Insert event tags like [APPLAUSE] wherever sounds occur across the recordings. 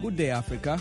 Good day Africa.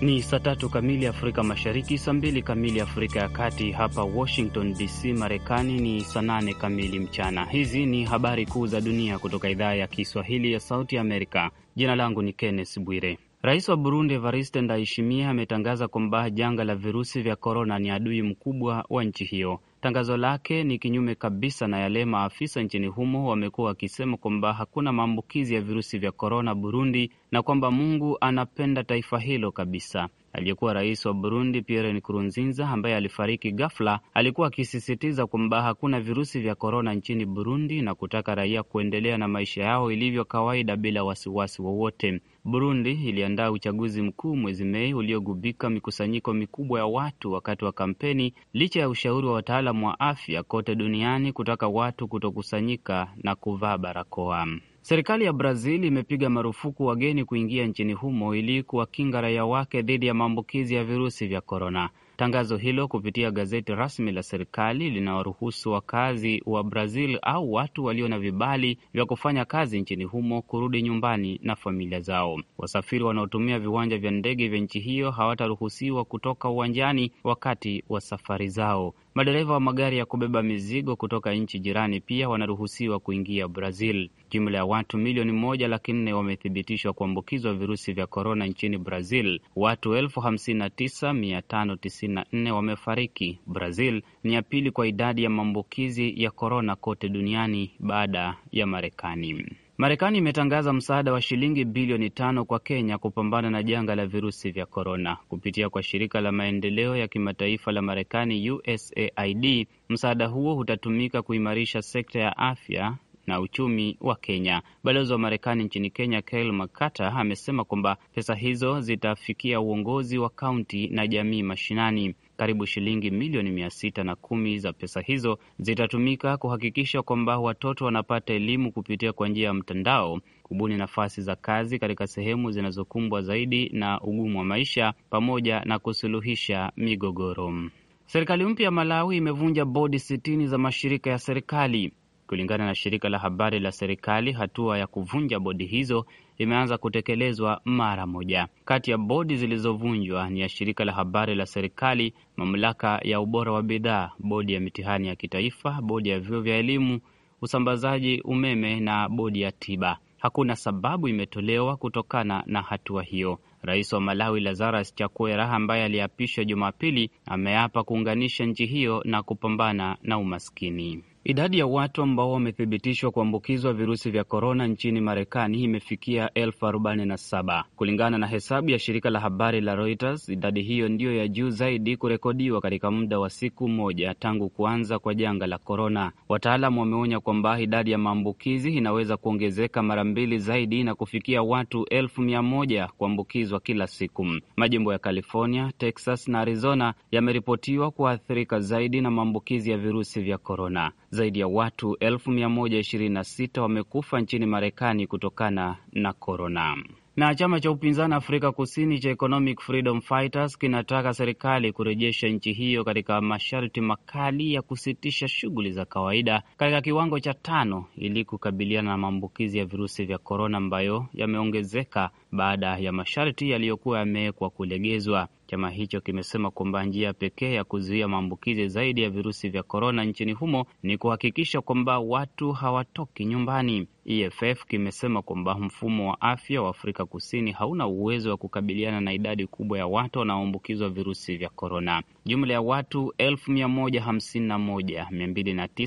Ni saa tatu kamili Afrika Mashariki, saa mbili kamili Afrika ya Kati. Hapa Washington DC, Marekani ni saa nane kamili mchana. Hizi ni habari kuu za dunia kutoka idhaa ya Kiswahili ya Sauti ya Amerika. Jina langu ni Kenneth Bwire. Rais wa Burundi Evariste Ndayishimiye ametangaza kwamba janga la virusi vya korona ni adui mkubwa wa nchi hiyo. Tangazo lake ni kinyume kabisa na yale maafisa nchini humo wamekuwa wakisema kwamba hakuna maambukizi ya virusi vya korona Burundi, na kwamba Mungu anapenda taifa hilo kabisa. Aliyekuwa rais wa Burundi Pierre Nkurunziza, ambaye alifariki ghafla, alikuwa akisisitiza kwamba hakuna virusi vya korona nchini Burundi na kutaka raia kuendelea na maisha yao ilivyo kawaida bila wasiwasi wowote. Burundi iliandaa uchaguzi mkuu mwezi Mei uliogubika mikusanyiko mikubwa ya watu wakati wa kampeni, licha ya ushauri wa wataalam wa afya kote duniani kutaka watu kutokusanyika na kuvaa barakoa. Serikali ya Brazil imepiga marufuku wageni kuingia nchini humo ili kuwakinga raia wake dhidi ya maambukizi ya virusi vya korona. Tangazo hilo kupitia gazeti rasmi la serikali linawaruhusu wakazi wa Brazil au watu walio na vibali vya kufanya kazi nchini humo kurudi nyumbani na familia zao. Wasafiri wanaotumia viwanja vya ndege vya nchi hiyo hawataruhusiwa kutoka uwanjani wakati wa safari zao. Madereva wa magari ya kubeba mizigo kutoka nchi jirani pia wanaruhusiwa kuingia Brazil. Jumla ya watu milioni moja laki nne wamethibitishwa kuambukizwa virusi vya korona nchini Brazil. Watu elfu hamsini na tisa mia tano tisini na nne wamefariki. Brazil ni ya pili kwa idadi ya maambukizi ya korona kote duniani baada ya Marekani. Marekani imetangaza msaada wa shilingi bilioni tano kwa Kenya kupambana na janga la virusi vya korona kupitia kwa shirika la maendeleo ya kimataifa la Marekani, USAID. Msaada huo utatumika kuimarisha sekta ya afya na uchumi wa Kenya. Balozi wa Marekani nchini Kenya, Kel Makata, amesema kwamba pesa hizo zitafikia uongozi wa kaunti na jamii mashinani. Karibu shilingi milioni mia sita na kumi za pesa hizo zitatumika kuhakikisha kwamba watoto wanapata elimu kupitia kwa njia ya mtandao, kubuni nafasi za kazi katika sehemu zinazokumbwa zaidi na ugumu wa maisha, pamoja na kusuluhisha migogoro. Serikali mpya ya Malawi imevunja bodi sitini za mashirika ya serikali. Kulingana na shirika la habari la serikali, hatua ya kuvunja bodi hizo imeanza kutekelezwa mara moja. Kati ya bodi zilizovunjwa ni ya shirika la habari la serikali, mamlaka ya ubora wa bidhaa, bodi ya mitihani ya kitaifa, bodi ya vyuo vya elimu, usambazaji umeme na bodi ya tiba. Hakuna sababu imetolewa kutokana na hatua hiyo. Rais wa Malawi Lazarus Chakwera ambaye aliapishwa Jumapili ameapa kuunganisha nchi hiyo na kupambana na umaskini. Idadi ya watu ambao wamethibitishwa kuambukizwa virusi vya korona nchini Marekani imefikia elfu arobaini na saba kulingana na hesabu ya shirika la habari la Reuters. Idadi hiyo ndiyo ya juu zaidi kurekodiwa katika muda wa siku moja tangu kuanza kwa janga la korona. Wataalamu wameonya kwamba idadi ya maambukizi inaweza kuongezeka mara mbili zaidi na kufikia watu elfu mia moja kuambukizwa kila siku. Majimbo ya California, Texas na Arizona yameripotiwa kuathirika zaidi na maambukizi ya virusi vya korona. Zaidi ya watu 126 wamekufa nchini Marekani kutokana na korona. Na chama cha upinzani Afrika Kusini cha Economic Freedom Fighters kinataka serikali kurejesha nchi hiyo katika masharti makali ya kusitisha shughuli za kawaida katika kiwango cha tano ili kukabiliana na maambukizi ya virusi vya korona ambayo yameongezeka baada ya masharti yaliyokuwa yamewekwa kulegezwa. Chama hicho kimesema kwamba njia pekee ya kuzuia maambukizi zaidi ya virusi vya korona nchini humo ni kuhakikisha kwamba watu hawatoki nyumbani. EFF kimesema kwamba mfumo wa afya wa Afrika Kusini hauna uwezo wa kukabiliana na idadi kubwa ya watu wanaoambukizwa virusi vya korona. Jumla ya watu elfu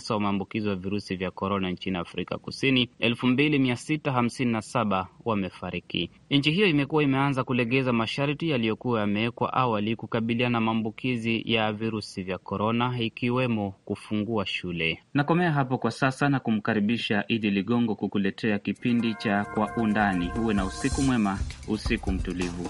wameambukizwa virusi vya korona nchini Afrika Kusini, 2657 wamefariki. Nchi hiyo imekuwa imeanza kulegeza masharti yaliyokuwa yamewekwa awali kukabiliana na maambukizi ya virusi vya korona, ikiwemo kufungua shule. Nakomea hapo kwa sasa na kumkaribisha Idi Ligongo kukuletea kipindi cha Kwa Undani. Huwe na usiku mwema, usiku mtulivu.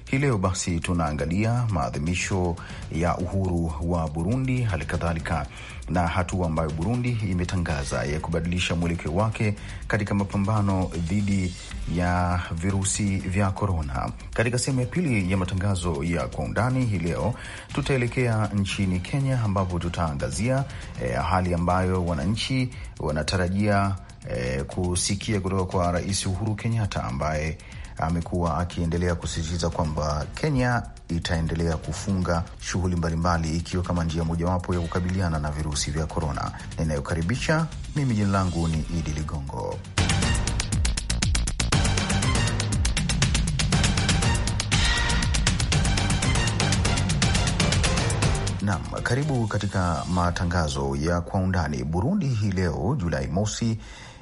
Hii leo basi tunaangalia maadhimisho ya uhuru wa Burundi, hali kadhalika na hatua ambayo Burundi imetangaza ya kubadilisha mwelekeo wake katika mapambano dhidi ya virusi vya korona. Katika sehemu ya pili ya matangazo ya kwa undani hii leo tutaelekea nchini Kenya, ambapo tutaangazia eh, hali ambayo wananchi wanatarajia eh, kusikia kutoka kwa Rais Uhuru Kenyatta ambaye amekuwa akiendelea kusisitiza kwamba Kenya itaendelea kufunga shughuli mbalimbali ikiwa kama njia mojawapo ya kukabiliana na virusi vya korona. Ninayokaribisha mimi, jina langu ni Idi Ligongo. Nam, karibu katika matangazo ya kwa undani. Burundi hii leo Julai mosi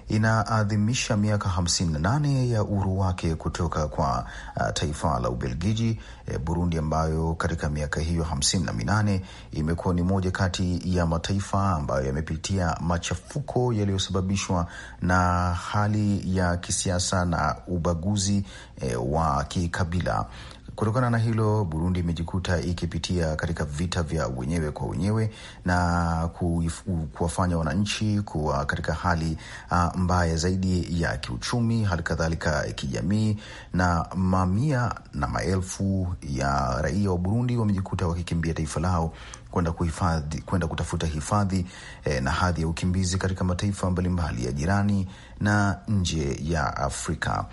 inaadhimisha miaka 58 ya uhuru wake kutoka kwa uh, taifa la Ubelgiji e, Burundi ambayo katika miaka hiyo 58 imekuwa ni moja kati ya mataifa ambayo yamepitia machafuko yaliyosababishwa na hali ya kisiasa na ubaguzi e, wa kikabila Kutokana na hilo, Burundi imejikuta ikipitia katika vita vya wenyewe kwa wenyewe na kuwafanya wananchi kuwa katika hali uh, mbaya zaidi ya kiuchumi, hali kadhalika kijamii, na mamia na maelfu ya raia wa Burundi wamejikuta wakikimbia taifa lao kwenda kuhifadhi kwenda kutafuta hifadhi eh, na hadhi ya ukimbizi katika mataifa mbalimbali mbali ya jirani na nje ya Afrika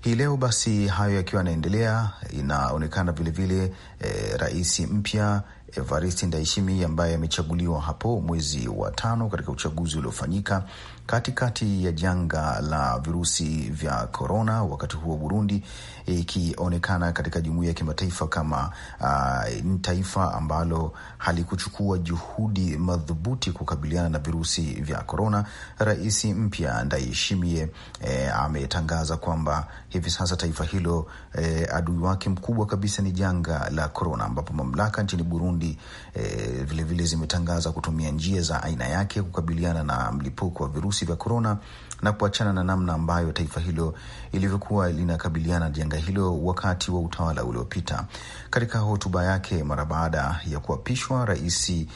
hii leo. Basi hayo yakiwa yanaendelea, inaonekana vilevile e, eh, rais mpya Evariste Ndayishimiye ambaye amechaguliwa hapo mwezi wa tano katika uchaguzi uliofanyika katikati ya janga la virusi vya korona, wakati huo Burundi ikionekana e, katika jumuia ya kimataifa kama uh, taifa ambalo halikuchukua juhudi madhubuti kukabiliana na virusi vya korona. Rais mpya Ndayishimiye e, ametangaza kwamba hivi sasa taifa hilo e, adui wake mkubwa kabisa ni janga la korona, ambapo mamlaka nchini Burundi vilevile eh, e, vile zimetangaza kutumia njia za aina yake kukabiliana na mlipuko wa virusi virusi vya korona na kuachana na namna ambayo taifa hilo ilivyokuwa linakabiliana na janga hilo wakati wa utawala uliopita. Katika hotuba yake mara baada ya kuapishwa, Rais eh,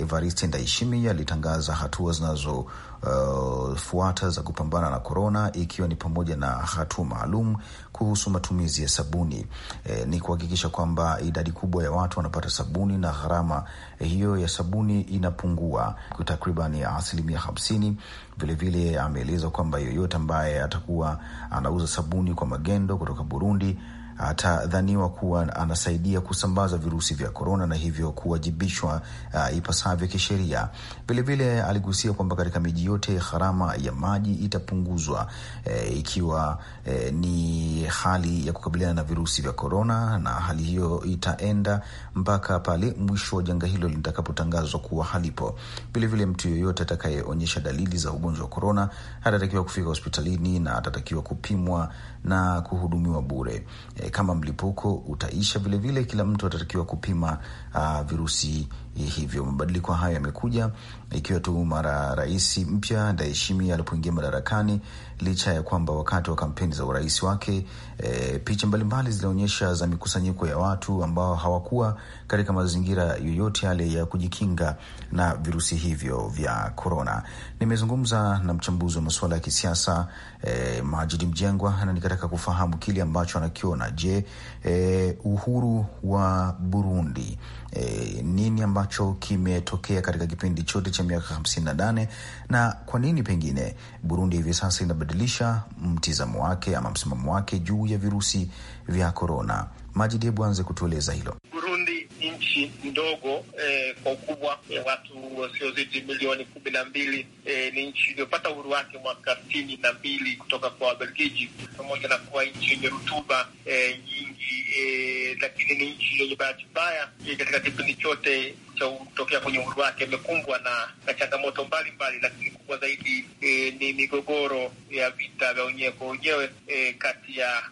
Evariste Ndayishimiye alitangaza hatua zinazo uh, fuata za kupambana na korona, ikiwa ni pamoja na hatua maalum kuhusu matumizi ya sabuni. E, ni kuhakikisha kwamba idadi kubwa ya watu wanapata sabuni na gharama hiyo ya sabuni inapungua kwa takriban asilimia hamsini. Vilevile ameeleza kwamba yoyote ambaye atakuwa anauza sabuni kwa magendo kutoka Burundi atadhaniwa kuwa anasaidia kusambaza virusi vya korona na hivyo kuwajibishwa uh, ipasavyo kisheria. Vilevile aligusia kwamba katika miji yote gharama ya maji itapunguzwa e, ikiwa e, ni hali ya kukabiliana na virusi vya korona, na hali hiyo itaenda mpaka pale mwisho wa janga hilo litakapotangazwa kuwa halipo. Vilevile mtu yeyote atakayeonyesha dalili za ugonjwa wa korona atatakiwa kufika hospitalini na atatakiwa kupimwa na kuhudumiwa bure. E, kama mlipuko utaisha vilevile, kila mtu atatakiwa kupima uh, virusi hivyo. Mabadiliko haya yamekuja ikiwa tu mara rais mpya Ndayishimiye alipoingia madarakani, licha ya kwamba wakati wa kampeni za urais wake e, picha mbalimbali zilionyesha za mikusanyiko ya watu ambao hawakuwa katika mazingira yoyote yale ya kujikinga na virusi hivyo vya korona. Nimezungumza na mchambuzi wa masuala ya kisiasa e, Majidi Mjengwa na nikataka kufahamu kile ambacho anakiona. Je, e, uhuru wa Burundi e, nini ambacho ambacho kimetokea katika kipindi chote cha miaka 58 na kwa nini pengine Burundi hivi sasa inabadilisha mtizamo wake ama msimamo wake juu ya virusi vya korona. Majidi, hebu anze kutueleza hilo. Burundi nchi ndogo eh, kwa ukubwa eh, watu wasiozidi milioni kumi na mbili eh, ni nchi iliyopata uhuru wake mwaka sitini na mbili kutoka kwa Wabelgiji, pamoja na kuwa nchi yenye rutuba eh, nyingi eh, lakini ni nchi yenye bahati mbaya eh, katika kipindi chote kutokea kwenye uhuru wake amekumbwa na, na changamoto mbalimbali, lakini kubwa zaidi e, ni migogoro ya vita vya wenyewe kwa wenyewe e, kati ya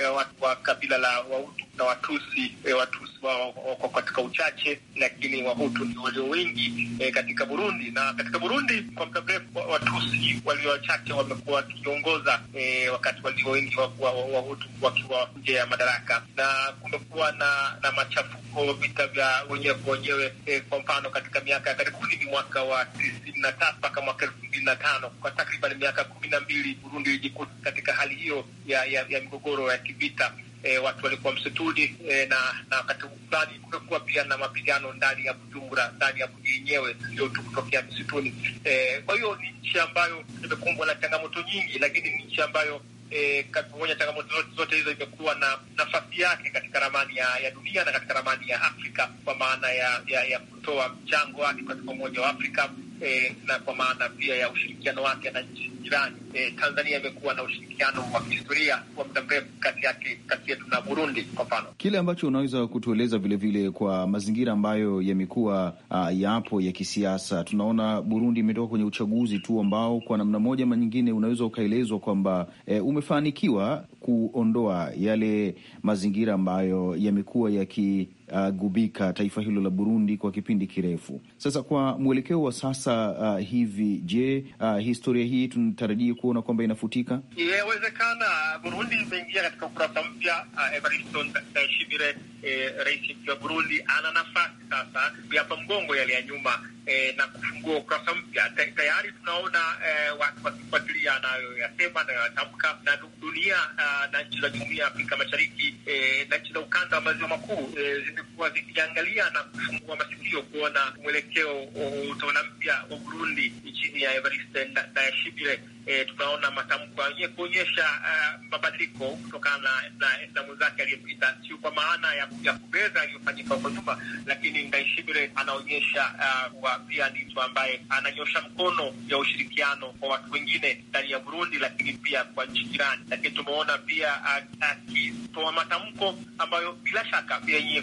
e, watu wa kabila la Wahutu na Watusi. E, Watusi wako katika uchache, lakini Wahutu ni walio wengi e, katika Burundi. Na katika Burundi kwa muda mrefu Watusi walio wachache wamekuwa wakiongoza e, wakati walio wengi Wahutu wakiwa nje ya madaraka, na kumekuwa na, na machafuko, vita vya wenyewe kwa wenyewe eh, kwa mfano katika miaka ya karibuni ni mwaka wa tisini na tatu mpaka mwaka elfu mbili na tano kwa takriban miaka kumi na mbili Burundi ilijikuta katika hali hiyo ya, ya, ya migogoro ya kivita. E, watu walikuwa msituni e, na na wakati fulani kumekuwa pia na mapigano ndani ya Bujumbura, ndani ya mji yenyewe, sio tu kutokea msituni. Eh, kwa hiyo ni nchi ambayo imekumbwa na changamoto nyingi, lakini ni nchi ambayo e, pamoja na changamoto zote zote hizo imekuwa na nafasi yake katika ramani ya, ya dunia na katika ramani ya Afrika kwa maana ya, ya, ya kutoa mchango wake katika Umoja wa Afrika eh, na kwa maana pia ya ushirikiano wake na nchi jirani eh, Tanzania imekuwa na ushirikiano wa kihistoria wa muda mrefu kati yake kati yetu na Burundi kwa mfano. Kile ambacho unaweza kutueleza vilevile kwa mazingira ambayo yamekuwa uh, yapo ya kisiasa, tunaona Burundi imetoka kwenye uchaguzi tu ambao kwa namna moja ama nyingine unaweza ukaelezwa kwamba eh, umefanikiwa kuondoa yale mazingira ambayo yamekuwa yaki uh, gubika taifa hilo la Burundi kwa kipindi kirefu. Sasa kwa mwelekeo wa sasa uh, hivi, je, uh, historia hii tunatarajia kuona kwamba inafutika? Yawezekana. Burundi imeingia katika ukurasa mpya. Uh, Evariste Ndayishimiye, eh, rais wa Burundi, ana nafasi sasa kuyapa mgongo yale ya nyuma Eh, na kufungua ukurasa mpya. Tayari tunaona eh, watu wakifuatilia anayoyasema anayoyatamka na dunia ah, na nchi za jumuiya ya Afrika Mashariki eh, na nchi za ukanda wa maziwa makuu zimekuwa zikiangalia na kufungua masikio kuona mwelekeo wa utawala mpya wa Burundi chini ya Evariste Ndayishimiye e, tukaona matamko yake kuonyesha uh, mabadiliko kutokana na, na, zake aliyepita sio kwa maana ya, ya kubeza aliyofanyika huko nyuma, lakini Ndayishimiye anaonyesha uh, pia ni mtu ambaye ananyosha mkono ya ushirikiano kwa watu wengine ndani ya Burundi, lakini pia kwa nchi jirani. Lakini tumeona pia akitoa matamko ambayo bila shaka pia yenyewe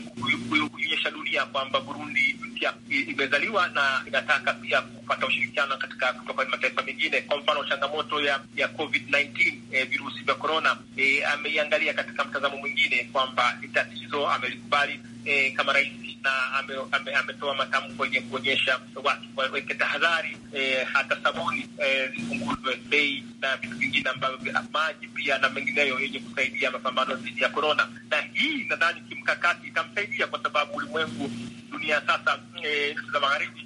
kuonyesha dunia kwamba Burundi pia imezaliwa na inataka pia kupata ushirikiano katika kutoka mataifa mengine. Kwa mfano changamoto ya ya COVID-19 eh, virusi vya korona eh, ameiangalia katika mtazamo mwingine kwamba ni tatizo, amelikubali eh, kama rais na ametoa ame, ame matamko kwenye kuonyesha watu waweke tahadhari eh, hata sabuni eh, zipunguzwe eh, bei na vitu vingine ambavyo ah, maji pia na mengineyo yenye kusaidia mapambano dhidi ya korona. Na hii nadhani kimkakati itamsaidia kwa sababu ulimwengu dunia sasa e, za magharibi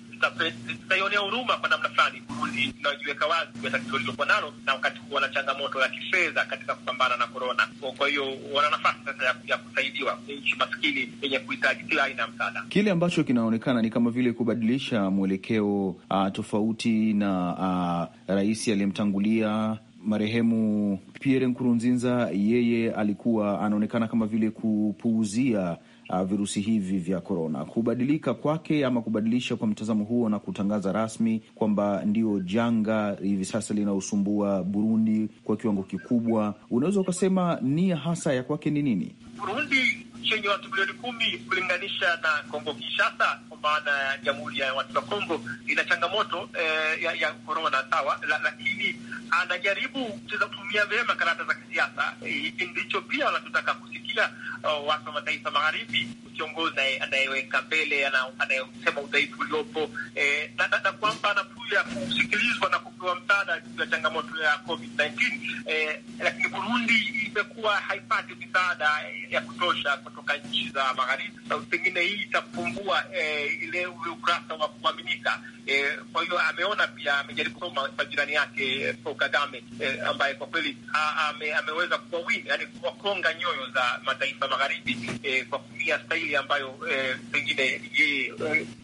zitaionea huruma kwa namna fulani Burundi inajiweka wazi kwa tatizo lilokuwa nalo, na wakati huo wana changamoto ya kifedha katika kupambana na korona. Kwa hiyo wana nafasi sasa ya kusaidiwa, eh, nchi maskini yenye kuhitaji kila aina ya msaada. Kile ambacho kinaonekana ni kama vile kubadilisha mwelekeo uh, tofauti na uh, rais aliyemtangulia marehemu Pierre Nkurunziza, yeye alikuwa anaonekana kama vile kupuuzia uh, virusi hivi vya korona. Kubadilika kwake ama kubadilisha kwa mtazamo huo na kutangaza rasmi kwamba ndio janga hivi sasa linaosumbua Burundi kwa kiwango kikubwa, unaweza ukasema nia hasa ya kwake ni nini? Burundi chenye watu milioni kumi kulinganisha na Kongo Kinshasa, kwa maana ya Jamhuri ya Watu wa Kongo ina changamoto eh, ya, ya korona sawa, lakini anajaribu kucheza kutumia vyema karata za kisiasa. Hiki ndicho pia wanachotaka kusikia uh, watu wa mataifa magharibi, kiongozi anayeweka mbele, anayesema udhaifu uliopo eh, na kwamba anapuya kusikilizwa na kupewa msaada juu ya changamoto ya COVID-19 itakuwa haipati misaada ya kutosha kutoka nchi za magharibi, pengine hii itapungua eh, ile ukurasa wa kuaminika eh. Kwa hiyo ameona pia, amejaribu kusoma kwa jirani yake Paul eh, Kagame eh, ambaye kwa kweli ame, ameweza kuwawini, yani kuwakonga nyoyo za mataifa magharibi eh, kwa kutumia staili ambayo eh, pengine yeye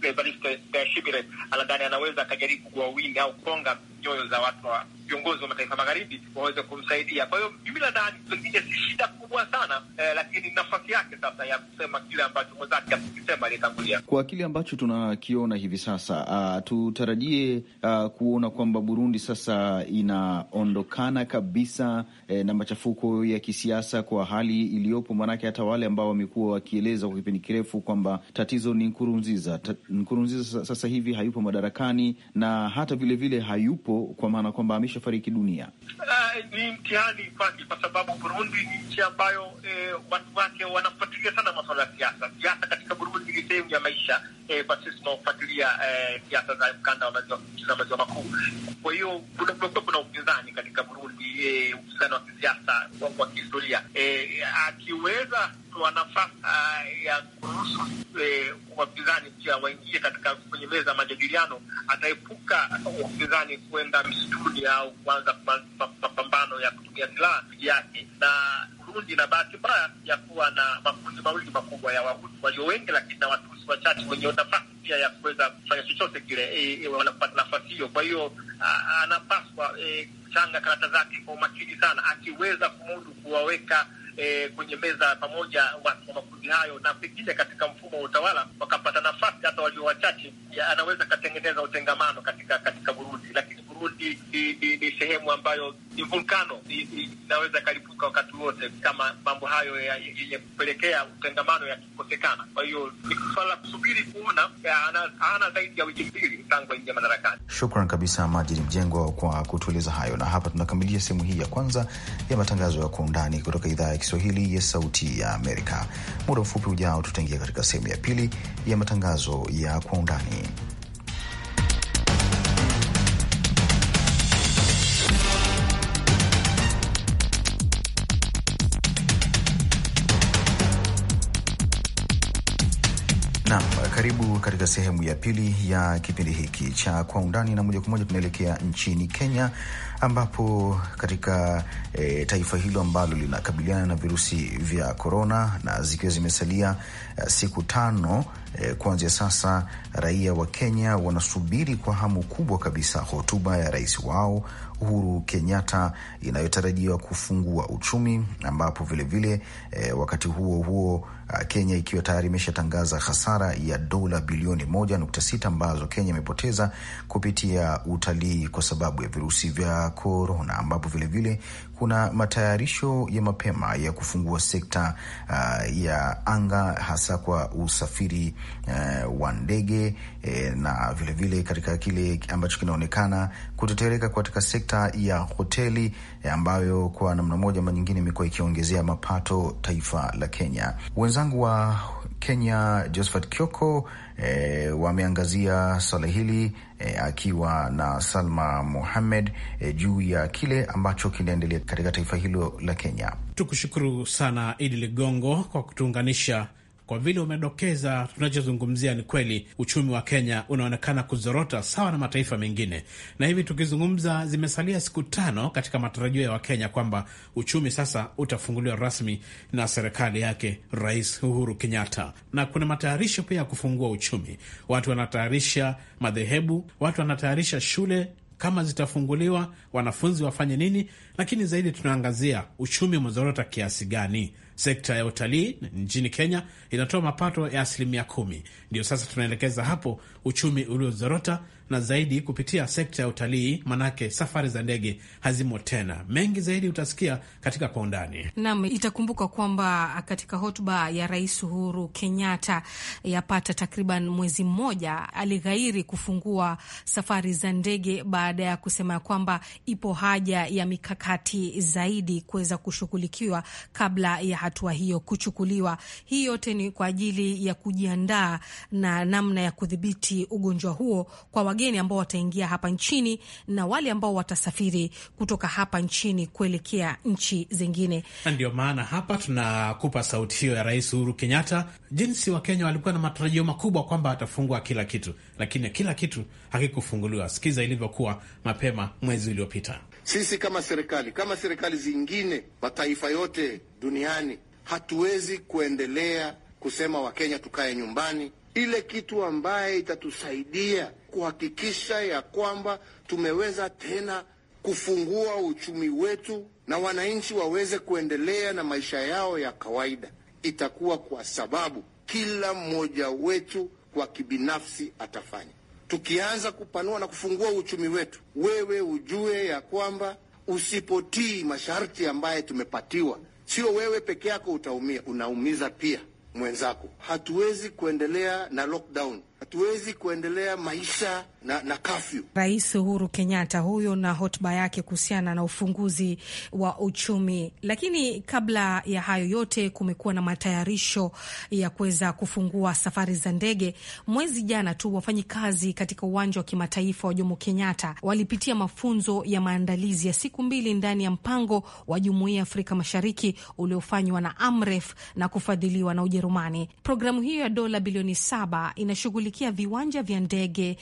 Evariste eh, Ndayishimiye anadhani anaweza akajaribu kuwawini au konga nyoyo za watu wa viongozi wa mataifa magharibi waweze kumsaidia. Kwa hiyo mimi nadhani pengine si shida kubwa sana eh, lakini nafasi yake sasa ya kusema kile ambacho mwenzake akukisema aliyetangulia. Kwa kile ambacho tunakiona hivi sasa, uh, tutarajie uh, kuona kwamba Burundi sasa inaondokana kabisa eh, na machafuko ya kisiasa kwa hali iliyopo, maanake hata wale ambao wamekuwa wakieleza kwa kipindi kirefu kwamba tatizo ni Nkurunziza. Ta, Nkurunziza sasa hivi hayupo madarakani na hata vilevile vile hayupo yupo kwa maana kwamba ameshafariki dunia. Uh, ni mtihani kwake kwa sababu Burundi ni nchi ambayo eh, watu wake wanafuatilia sana masuala ya siasa. Siasa katika Burundi ni sehemu ya maisha eh, kwa tunaofuatilia siasa eh, siasa za mkanda wa maziwa makuu. Kwa hiyo kumekuwa kuna upinzani katika Burundi, upinzani eh, wa kisiasa wa kihistoria eh, akiweza kutoa nafasi eh, ya kuruhusu eh, wapinzani pia waingie katika kwenye meza ya majadiliano, ataepuka wapinzani kuenda msituni au kuanza mapambano ya kutumia silaha dhidi yake. Na Burundi na bahati mbaya ya kuwa na makundi mawili makubwa ya Wahutu walio wengi, lakini na Watusi wachache wenye nafasi pia ya kuweza kufanya chochote kile, eh, wanapata nafasi hiyo. Kwa hiyo ah, anapaswa kuchanga changa karata zake kwa umakini sana, akiweza kumudu kuwaweka eh, kwenye meza pamoja watu wa makundi hayo, na pengine katika mfumo wa utawala wakapata nafasi hata walio wachache, anaweza akatengeneza utengamano katika katika Burundi ni, ni, ni, sehemu ambayo ni vulkano inaweza ikalipuka wakati wote, kama mambo hayo yenye kupelekea utengamano yakikosekana. Kwa hiyo ni swala la kusubiri kuona. hana zaidi ya wiki mbili tangu aingia madarakani. Shukran kabisa Majini Mjengwa kwa kutueleza hayo, na hapa tunakamilisha sehemu hii ya kwanza ya matangazo ya Kwa Undani kutoka idhaa ya Kiswahili ya Sauti ya Amerika. Muda mfupi ujao, tutaingia katika sehemu ya pili ya matangazo ya Kwa Undani. Karibu katika sehemu ya pili ya kipindi hiki cha Kwa Undani, na moja kwa moja tunaelekea nchini Kenya ambapo katika e, taifa hilo ambalo linakabiliana na virusi vya korona na zikiwa zimesalia e, siku tano e, kuanzia sasa, raia wa Kenya wanasubiri kwa hamu kubwa kabisa hotuba ya rais wao Uhuru Kenyatta inayotarajiwa kufungua uchumi, ambapo vilevile vile, e, wakati huo huo Kenya ikiwa tayari imeshatangaza hasara ya dola bilioni moja nukta sita ambazo Kenya imepoteza kupitia utalii kwa sababu ya virusi vya korona, ambapo vilevile kuna matayarisho ya mapema ya kufungua sekta uh, ya anga hasa kwa usafiri uh, wa ndege eh, na vilevile vile katika kile ambacho kinaonekana kutetereka katika sekta ya hoteli eh, ambayo kwa namna moja ama nyingine imekuwa ikiongezea mapato taifa la Kenya. Wenzangu wa Kenya Josephat Kioko e, wameangazia swala hili e, akiwa na Salma muhamed e, eh, juu ya kile ambacho kinaendelea katika taifa hilo la Kenya. Tukushukuru sana Idi Ligongo kwa kutuunganisha kwa vile umedokeza, tunachozungumzia ni kweli uchumi wa Kenya unaonekana kuzorota sawa na mataifa mengine, na hivi tukizungumza, zimesalia siku tano katika matarajio ya Wakenya kwamba uchumi sasa utafunguliwa rasmi na serikali yake Rais Uhuru Kenyatta, na kuna matayarisho pia ya kufungua uchumi. Watu wanatayarisha madhehebu, watu wanatayarisha shule kama zitafunguliwa, wanafunzi wafanye nini, lakini zaidi tunaangazia uchumi umezorota kiasi gani. Sekta ya utalii nchini Kenya inatoa mapato ya asilimia kumi. Ndio sasa tunaelekeza hapo uchumi uliozorota na zaidi kupitia sekta ya utalii, manake safari za ndege hazimo tena. Mengi zaidi utasikia katika kwa undani. Naam, itakumbuka kwamba katika hotuba ya Rais Uhuru Kenyatta yapata takriban mwezi mmoja, alighairi kufungua safari za ndege baada ya kusema ya kwamba ipo haja ya mikakati zaidi kuweza kushughulikiwa kabla ya hatua hiyo kuchukuliwa. Hii yote ni kwa ajili ya kujiandaa na namna ya kudhibiti kudhibiti ugonjwa huo kwa wageni ambao wataingia hapa nchini na wale ambao watasafiri kutoka hapa nchini kuelekea nchi zingine. Ndio maana hapa tunakupa sauti hiyo ya Rais Uhuru Kenyatta, jinsi Wakenya walikuwa na matarajio makubwa kwamba atafungua kila kitu, lakini kila kitu hakikufunguliwa. Sikiza ilivyokuwa mapema mwezi uliopita. Sisi kama serikali, kama serikali zingine, mataifa yote duniani, hatuwezi kuendelea kusema Wakenya tukae nyumbani ile kitu ambaye itatusaidia kuhakikisha ya kwamba tumeweza tena kufungua uchumi wetu na wananchi waweze kuendelea na maisha yao ya kawaida, itakuwa kwa sababu kila mmoja wetu kwa kibinafsi atafanya. Tukianza kupanua na kufungua uchumi wetu, wewe ujue ya kwamba usipotii masharti ambaye tumepatiwa, sio wewe peke yako utaumia, unaumiza pia mwenzako. Hatuwezi kuendelea na lockdown, hatuwezi kuendelea maisha na, na kafyu. Rais Uhuru Kenyatta huyo na hotuba yake kuhusiana na ufunguzi wa uchumi. Lakini kabla ya hayo yote, kumekuwa na matayarisho ya kuweza kufungua safari za ndege. Mwezi jana tu wafanyikazi katika uwanja wa kimataifa wa Jomo Kenyatta walipitia mafunzo ya maandalizi ya siku mbili ndani ya mpango wa Jumuiya ya Afrika Mashariki uliofanywa na AMREF na kufadhiliwa na Ujerumani. Programu hiyo ya dola bilioni saba inashughulikia viwanja vya ndege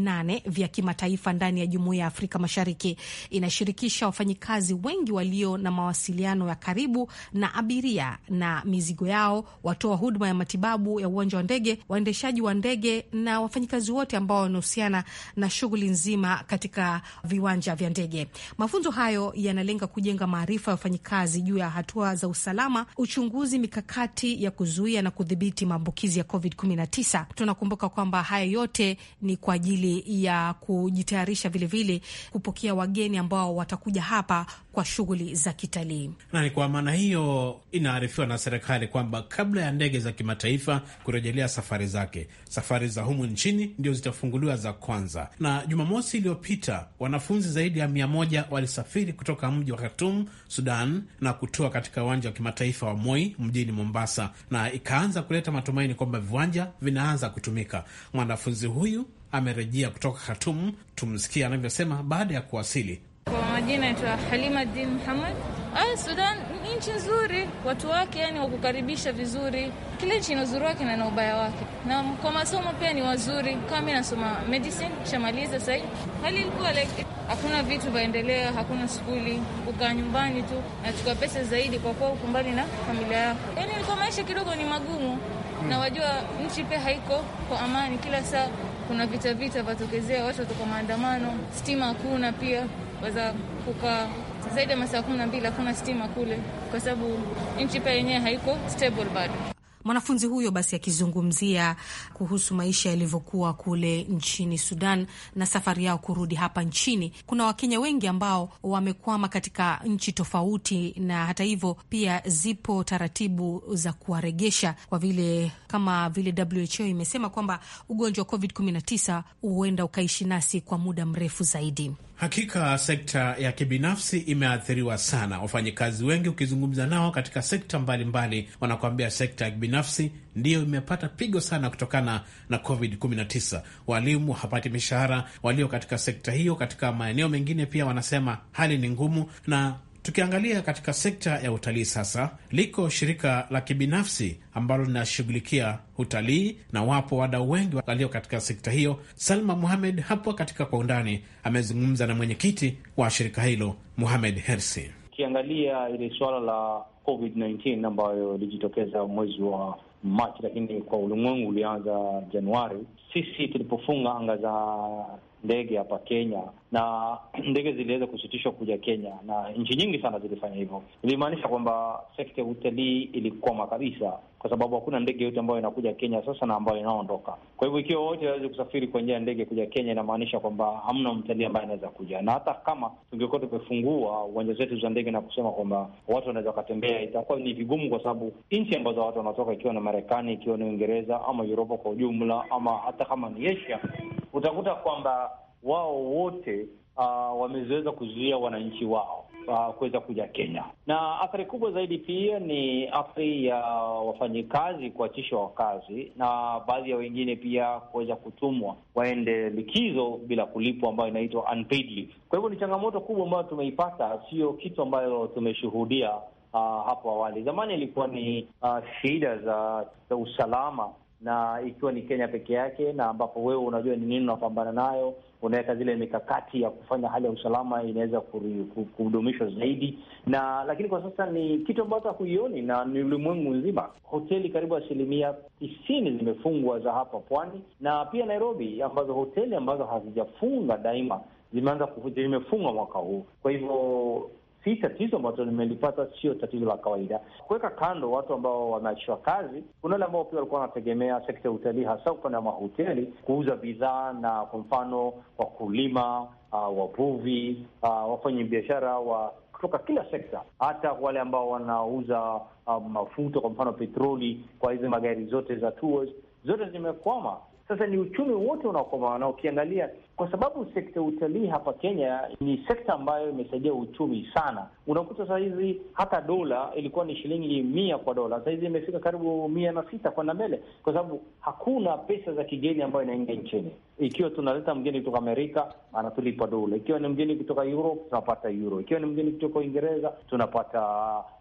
vinane vya kimataifa ndani ya Jumuiya ya Afrika Mashariki. Inashirikisha wafanyikazi wengi walio na mawasiliano ya karibu na abiria na mizigo yao, watoa huduma ya matibabu ya uwanja wa ndege, waendeshaji wa ndege na wafanyikazi wote ambao wanahusiana na shughuli nzima katika viwanja vya ndege. Mafunzo hayo yanalenga kujenga maarifa ya wafanyikazi juu ya hatua za usalama, uchunguzi, mikakati ya kuzuia na kudhibiti maambukizi ya COVID-19. Tunakumbuka kwamba haya yote ni kwa ajili ajili ya kujitayarisha vilevile kupokea wageni ambao watakuja hapa kwa shughuli za kitalii. Na ni kwa maana hiyo inaarifiwa na serikali kwamba kabla ya ndege za kimataifa kurejelea safari zake, safari za humu nchini ndio zitafunguliwa za kwanza. Na Jumamosi iliyopita wanafunzi zaidi ya mia moja walisafiri kutoka mji wa Khartoum, Sudan, na kutua katika uwanja wa kimataifa wa Moi mjini Mombasa, na ikaanza kuleta matumaini kwamba viwanja vinaanza kutumika. Mwanafunzi huyu amerejea kutoka Khartoum. Tumsikie anavyosema baada ya kuwasili. Kwa majina naitwa Halima Din Muhammad. Ah, Sudan ni nchi nzuri, watu wake yani wakukaribisha vizuri. Kila nchi ina uzuri wake na na ubaya wake, na kwa masomo pia ni wazuri. Kama mi nasoma medicine, shamaliza sahii, hali ilikuwa like hakuna vitu vaendelea, hakuna skuli, kukaa nyumbani tu, nachukua pesa zaidi kwa kuwa uko mbali na familia yako. Yani ilikuwa maisha kidogo ni magumu, hmm. na wajua nchi pia haiko kwa amani kila saa kuna vita vita vatokezea, watu watoka maandamano, stima hakuna, pia waza kukaa zaidi ya masaa kumi na mbili hakuna stima kule, kwa sababu nchi pia yenyewe haiko stable bado. Mwanafunzi huyo basi akizungumzia kuhusu maisha yalivyokuwa kule nchini Sudan na safari yao kurudi hapa nchini. Kuna Wakenya wengi ambao wamekwama katika nchi tofauti, na hata hivyo pia zipo taratibu za kuwaregesha, kwa vile kama vile WHO imesema kwamba ugonjwa wa COVID-19 huenda ukaishi nasi kwa muda mrefu zaidi. Hakika sekta ya kibinafsi imeathiriwa sana. Wafanyikazi wengi ukizungumza nao katika sekta mbalimbali, wanakuambia sekta ya binafsi ndiyo imepata pigo sana kutokana na COVID-19. Walimu hapati mishahara, walio katika sekta hiyo, katika maeneo mengine pia wanasema hali ni ngumu. Na tukiangalia katika sekta ya utalii sasa, liko shirika la kibinafsi ambalo linashughulikia utalii na wapo wadau wengi walio katika sekta hiyo. Salma Muhamed hapo katika kwa undani amezungumza na mwenyekiti wa shirika hilo Muhamed Hersi. Ukiangalia ile suala la COVID-19 ambayo ilijitokeza mwezi wa Machi, lakini kwa ulimwengu ulianza Januari. Sisi tulipofunga anga za ndege hapa Kenya na [CLEARS THROAT] ndege ziliweza kusitishwa kuja Kenya, na nchi nyingi sana zilifanya hivyo. Ilimaanisha kwamba sekta ya utalii ilikoma kabisa, kwa sababu hakuna ndege yote ambayo inakuja Kenya sasa na ambayo inaondoka. Kwa hivyo, ikiwa wote waweze kusafiri kwa njia ya ndege kuja Kenya, inamaanisha kwamba hamna mtalii ambaye anaweza kuja. Na hata kama tungekuwa tumefungua uwanja zetu za ndege na kusema kwamba watu wanaweza wakatembea, itakuwa ni vigumu, kwa sababu nchi ambazo watu wanatoka, ikiwa ni Marekani, ikiwa ni Uingereza ama Uropa kwa ujumla, ama hata kama ni Asia utakuta kwamba wao wote uh, ah, wameweza kuzuia wananchi wao uh, kuweza kuja Kenya, na athari kubwa zaidi pia ni athari ya uh, wafanyikazi kuachishwa wakazi na baadhi ya wengine pia kuweza kutumwa waende likizo bila kulipwa, ambayo inaitwa unpaid leave. Kwa hivyo ni changamoto kubwa ambayo tumeipata, sio kitu ambayo tumeshuhudia Uh, hapo awali zamani ilikuwa ni uh, shida za, za usalama na ikiwa ni Kenya peke yake, na ambapo wewe unajua ni nini unapambana nayo, unaweka zile mikakati ya kufanya hali ya usalama inaweza kudumishwa zaidi. Na lakini kwa sasa ni kitu ambacho hakuioni, na ni ulimwengu nzima. Hoteli karibu asilimia tisini zimefungwa za hapa pwani na pia Nairobi, ambazo hoteli ambazo hazijafunga daima zimeanza zimefungwa mwaka huu. Kwa hivyo si tatizo ambalo nimelipata, sio tatizo la kawaida. Kuweka kando watu ambao wameachishwa kazi, kuna wale ambao pia walikuwa wanategemea sekta ya utalii, hasa upande wa mahoteli kuuza bidhaa, na kwa mfano wakulima, uh, wavuvi, uh, ah, wafanya biashara wa kutoka kila sekta, hata wale ambao wanauza uh, mafuta, kwa mfano petroli, kwa hizi magari zote za tours, zote zimekwama. Sasa ni uchumi wote unaokwama, na ukiangalia kwa sababu sekta ya utalii hapa Kenya ni sekta ambayo imesaidia uchumi sana. Unakuta saa hizi hata dola ilikuwa ni shilingi mia kwa dola, saa hizi imefika karibu mia na sita kwenda mbele, kwa sababu hakuna pesa za kigeni ambayo inaingia nchini. Ikiwa tunaleta mgeni kutoka Amerika anatulipa dola, ikiwa ni mgeni kutoka Europe tunapata euro, ikiwa ni mgeni kutoka Uingereza tunapata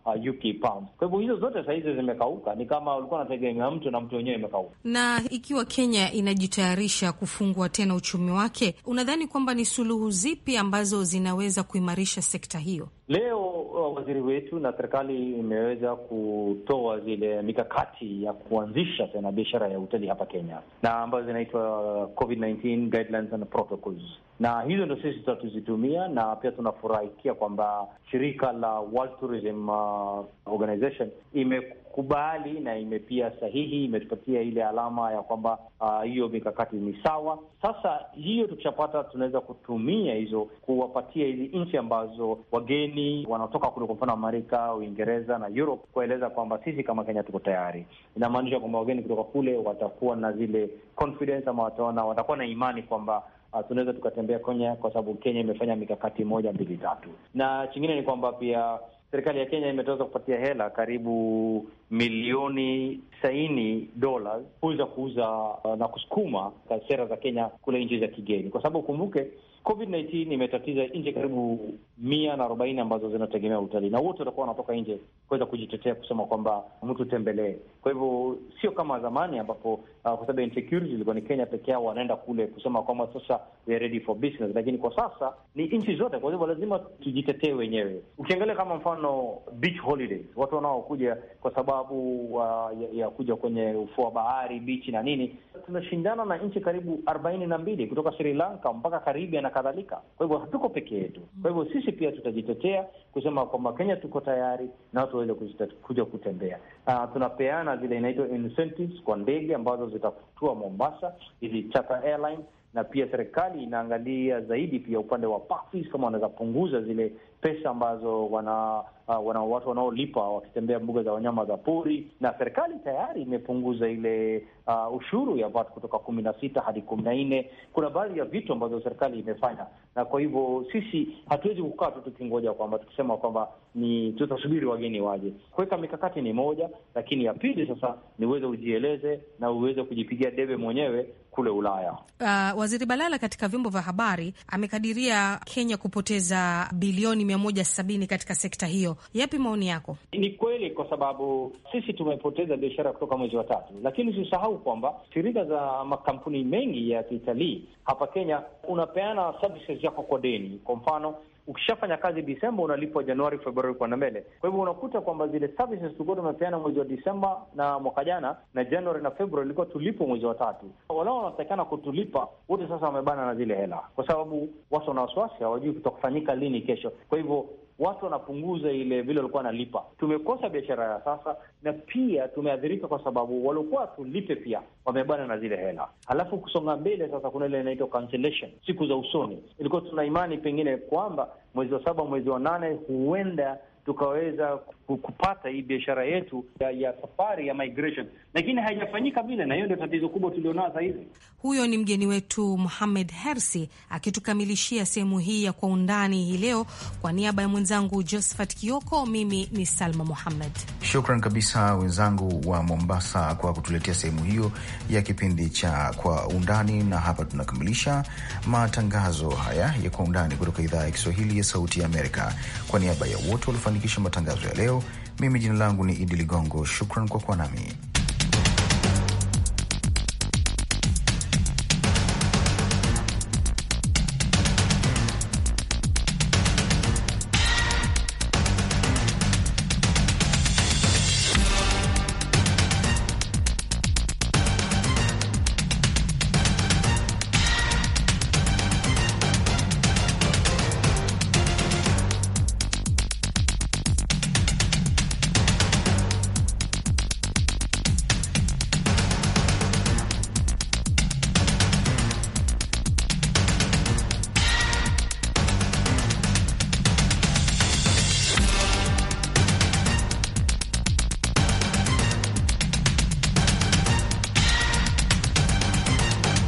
uh, UK pound. Kwa hivyo hizo zote saa hizi zimekauka, ni kama ulikuwa unategemea mtu na mtu wenyewe imekauka. Na ikiwa Kenya inajitayarisha kufungua tena uchumi wake unadhani kwamba ni suluhu zipi ambazo zinaweza kuimarisha sekta hiyo? Leo uh, waziri wetu na serikali imeweza kutoa zile mikakati ya kuanzisha tena biashara ya utalii hapa Kenya, na ambazo zinaitwa uh, COVID-19 guidelines and protocols, na hizo ndo sisi tutazitumia, na pia tunafurahikia kwamba shirika la World Tourism uh, Organization ime imekubali na imepia sahihi, imetupatia ile alama ya kwamba uh, hiyo mikakati ni sawa. Sasa hiyo tukishapata, tunaweza kutumia hizo kuwapatia hizi nchi ambazo wageni wanaotoka kule, kwa mfano Amerika, Uingereza na Europe, kueleza kwamba sisi kama Kenya tuko tayari. Inamaanisha kwamba wageni kutoka kule watakuwa na zile confidence ama wataona, watakuwa na imani kwamba Uh, tunaweza tukatembea Kenya kwa sababu Kenya imefanya mikakati moja mbili tatu, na chingine ni kwamba pia serikali ya Kenya imetoweza kupatia hela karibu milioni tisaini dola kuweza kuuza uh, na kusukuma sera za Kenya kule nchi za kigeni, kwa sababu ukumbuke COVID-19 imetatiza nchi karibu mia na arobaini ambazo zinategemea utalii na wote watakuwa wanatoka nje kuweza kujitetea kusema kwamba mtu tembelee. Kwa hivyo sio kama zamani ambapo uh, kwa sababu insecurity ilikuwa ni Kenya peke yao wanaenda kule kusema kwamba sasa we are ready for business, lakini kwa sasa ni nchi zote. Kwa hivyo lazima tujitetee wenyewe. Ukiangalia kama mfano beach holidays, watu wanaokuja kwa sababu uh, ya, ya kuja kwenye ufuo wa bahari beach na nini, tunashindana na nchi karibu arobaini na mbili kutoka Sri Lanka mpaka Karibia na kadhalika. Kwa hivyo hatuko peke yetu. Kwa hivyo sisi pia tutajitetea kusema kwamba Kenya tuko tayari na watu waweze kuja kutembea. Uh, tunapeana zile inaitwa incentives kwa ndege ambazo zitatua Mombasa, hizi charter airline, na pia serikali inaangalia zaidi pia upande wa kama wanaweza punguza zile pesa ambazo wana, uh, wana watu wanaolipa wakitembea mbuga za wanyama za pori, na serikali tayari imepunguza ile uh, ushuru ya VAT kutoka kumi na sita hadi kumi na nne. Kuna baadhi ya vitu ambazo serikali imefanya, na kwa hivyo sisi hatuwezi kukaa tu tukingoja kwamba tukisema kwamba ni tutasubiri wageni waje. Kuweka mikakati ni moja, lakini ya pili sasa ni uweze ujieleze na uweze kujipigia debe mwenyewe kule Ulaya. Uh, Waziri Balala katika vyombo vya habari amekadiria Kenya kupoteza bilioni mia moja sabini katika sekta hiyo. Yapi maoni yako? Ni kweli kwa sababu sisi tumepoteza biashara kutoka mwezi wa tatu, lakini usisahau kwamba shirika za makampuni mengi ya kitalii hapa Kenya unapeana services yako kwa deni. Kwa mfano ukishafanya kazi Disemba unalipwa Januari, Februari kwenda mbele. Kwa hivyo unakuta kwamba zile services tulikuwa tumepeana mwezi wa Disemba na mwaka jana na Januari na Februari ilikuwa tulipo mwezi wa tatu, walao wanatakikana kutulipa wote, sasa wamebana na zile hela, kwa sababu watu wana wasiwasi, hawajui kutakufanyika lini kesho. Kwa hivyo watu wanapunguza ile vile walikuwa wanalipa. Tumekosa biashara ya sasa, na pia tumeathirika kwa sababu waliokuwa tulipe pia wamebana na zile hela. Halafu kusonga mbele sasa, kuna ile inaitwa cancellation siku za usoni. Ilikuwa tuna imani pengine kwamba mwezi wa saba, mwezi wa nane huenda tukaweza kupata hii biashara yetu ya, ya safari ya migration, lakini haijafanyika vile, na hiyo ndio tatizo kubwa tulionao saa hizi. Huyo ni mgeni wetu Muhamed Hersi akitukamilishia sehemu hii ya kwa undani hii leo. Kwa niaba ya mwenzangu Josephat Kioko, mimi ni Salma Muhamed. Shukran kabisa wenzangu wa Mombasa kwa kutuletea sehemu hiyo ya kipindi cha kwa undani, na hapa tunakamilisha matangazo haya ya kwa undani kutoka idhaa ya Kiswahili ya Sauti ya Amerika. Kwa niaba ya wote kufanikisha matangazo ya leo. Mimi jina langu ni Idi Ligongo, shukran kwa kuwa nami.